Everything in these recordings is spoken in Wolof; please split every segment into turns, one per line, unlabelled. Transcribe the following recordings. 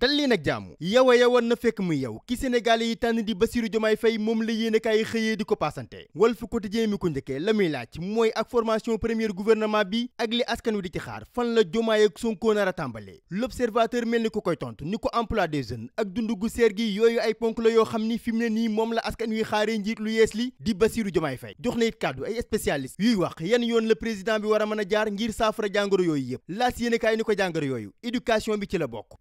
dal leen ak jàmm yow a yowoon na fekk mu yow ki sénégalais yi tànn di Bassirou Diomaye fay moom la yéen a kaay xëyee di ko paasante Walf Quotidien mi ko njëkkee la muy laaj mooy ak formation premier gouvernement bi ak li askan wi di ci xaar fan la Diomaye ak Sonko nar a tàmbalee l'observateur mel ni ku koy tontu ni ko emploi des jeunes ak dundu gu seer gi yooyu ay ponk la yoo xam ni fi mu ne nii moom la askan wi xaaree njiit lu yees li di Bassirou Diomaye Faye jox na kàddu ay spécialiste yuy wax yan yoon la président bi war a mën a jaar ngir saafara jàngoro yooyu yëpp laas yéen kaay ni ko jàngoro yooyu éducation bi ci la bokk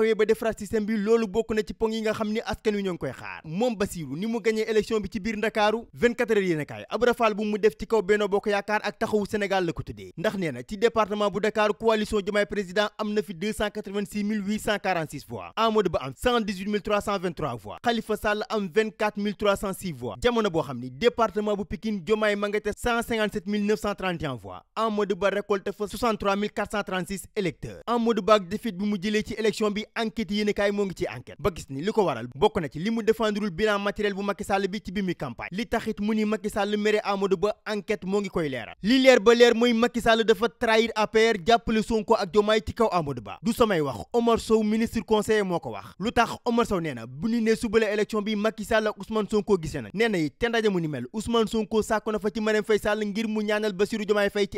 taxawee bi loolu bokk na ci poŋ yi nga xam ni askan wi ñoo ngi koy xaar moom Bassirou ni mu gañee élection bi ci biir Ndakaaru 24 ab rafal bu mu def ci kaw Benno Bokk Yaakaar ak taxawu Sénégal la ko tuddee ndax nee ci département bu Dakar coalition Diomaye Président am na fi 286 846 voix Amadou Ba am 118 323 voix am 24 306 boo xam ni département bu Pikine Diomaye ma nga te 157 Ba récolté fa 63 436 électeurs Amadou Ba ak enquête yéen kaay moo ngi ci enquête ba gis ni li ko waral bokk na ci li mu défendrul bilan matériel bu Macky Sall bi ci bi mu campagne li taxit mu ni Macky Sall mere Amadou Ba enquête moo ngi koy leeral li leer ba leer mooy Macky Sall dafa trahir APR jàppale Sonko ak Diomaye ci kaw Amadou Ba du samay wax Omar Sow ministre conseiller moo ko wax lu tax Omar Sow nee bu ñu nee suba la élection bi Macky Sall ak Ousmane Sonko gisee nañ nee na it te ndaje mu ni mel Ousmane Sonko sàkku na fa ci Marème Faye Sall ngir mu ñaanal Bassirou Diomaye Faye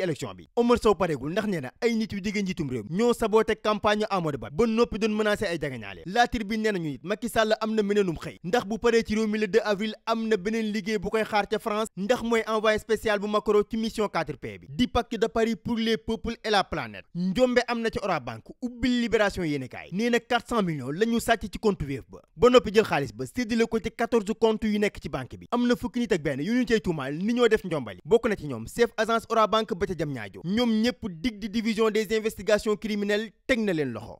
menacé ay jagañaale la tribune nee nañu it Macky Sall am na meneenum xëy ndax bu paree ci réew mi le avril am na beneen liggéey bu koy xaar ca France ndax mooy envoyé spécial bu Macron ci mission 4P bi di pacte de Paris pour les peuples et la planète njombe am na ci Orabank ubbil libération yéene kaay nee na 400 millions la ñu sàcc ci compte Wave ba ba noppi jël xaalis ba séddale ko ci 14 comptes yu nekk ci banque bi am na fukki nit ak benn yu ñu cay bokk na ci ñoom chef agence Orabank ba ca jam ñaajo teg na leen loxo